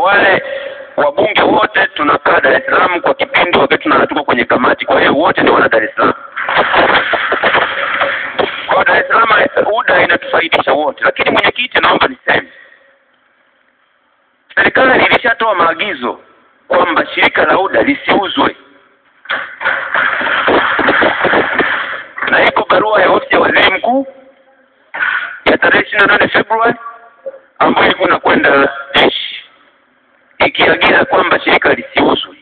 wale wabunge wote tunakaa Dar es Salaam kwa kipindi wakati tunatuko kwenye kamati, kwa hiyo wote ni wana Dar es Salaam. Kwa Dar es Salaam UDA inatufaidisha wote, lakini mwenyekiti, naomba niseme serikali ilishatoa maagizo kwamba shirika la UDA lisiuzwe na iko barua ya ofisi ya waziri mkuu ya tarehe ishirini na nane Februari ambayo iko na kwenda jeshi ikiagiza kwamba shirika lisiuzwe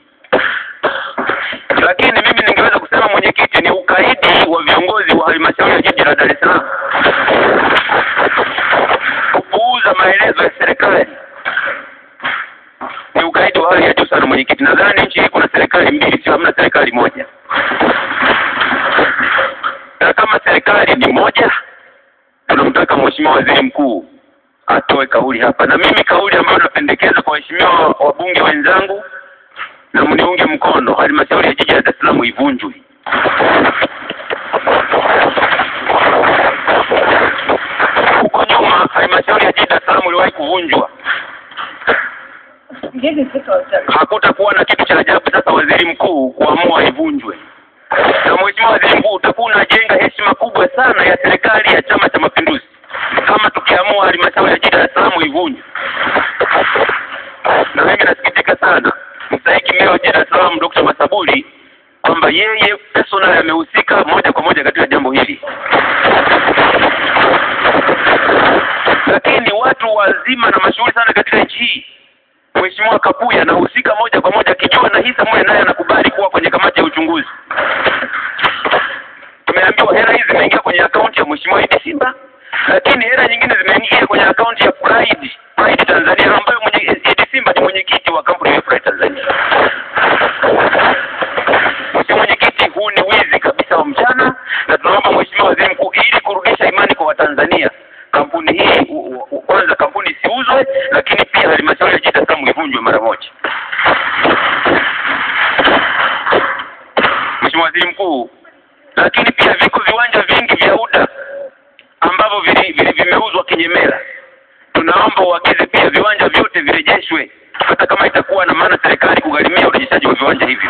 lakini mimi ningeweza kusema mwenyekiti ni ukaidi wa viongozi wa halmashauri ya jiji la Dar es Salaam kupuuza maelezo ya serikali ni ukaidi wa hali ya juu sana mwenyekiti nadhani nchi hii kuna serikali mbili sio hamna serikali moja na kama serikali ni moja tunamtaka mheshimiwa waziri mkuu atoe kauli hapa, na mimi kauli ambayo napendekeza kwa waheshimiwa wabunge wenzangu na mniunge mkono, halmashauri ya jiji la Dar es Salaam ivunjwe. Huko nyuma halmashauri ya jiji Dar es Salaam iliwahi kuvunjwa, hakutakuwa na kitu cha ajabu sasa waziri mkuu kuamua ivunjwe. Na mheshimiwa waziri mkuu, utakuwa unajenga heshima kubwa sana ya wa halmashauri ya jiji Dar es Salaam ivunjwe, na mimi nasikitika sana mstahiki meya wa jiji Dar es Salaam Dr. Masaburi kwamba yeye personal amehusika moja kwa moja katika jambo hili, lakini watu wazima na mashuhuri sana katika nchi hii Mheshimiwa Kapuya anahusika moja kwa moja akijua na hisa moja, naye anakubali kuwa kwenye kamati ya uchunguzi. Tumeambiwa hela hizi zimeingia kwenye akaunti ya Mheshimiwa Idi Simba lakini hela nyingine zimeingia kwenye akaunti ya Pride Pride Tanzania ambayo mwenye Edi Simba ni mwenyekiti wa kampuni ya Pride Tanzania. Si mwenyekiti, huu ni wizi kabisa wa mchana, na tunaomba Mheshimiwa Waziri Mkuu, ili kurudisha imani kwa Watanzania, kampuni hii kwanza, kampuni isiuzwe, lakini pia halmashauri ya jiji Dar es Salaam ivunjwe mara moja. Mheshimiwa Waziri Mkuu, lakini pia viko viwanja vingi vya UDA kwenye tunaomba uakize pia viwanja vyote virejeshwe hata kama itakuwa na maana serikali kugharimia urejeshaji wa viwanja hivyo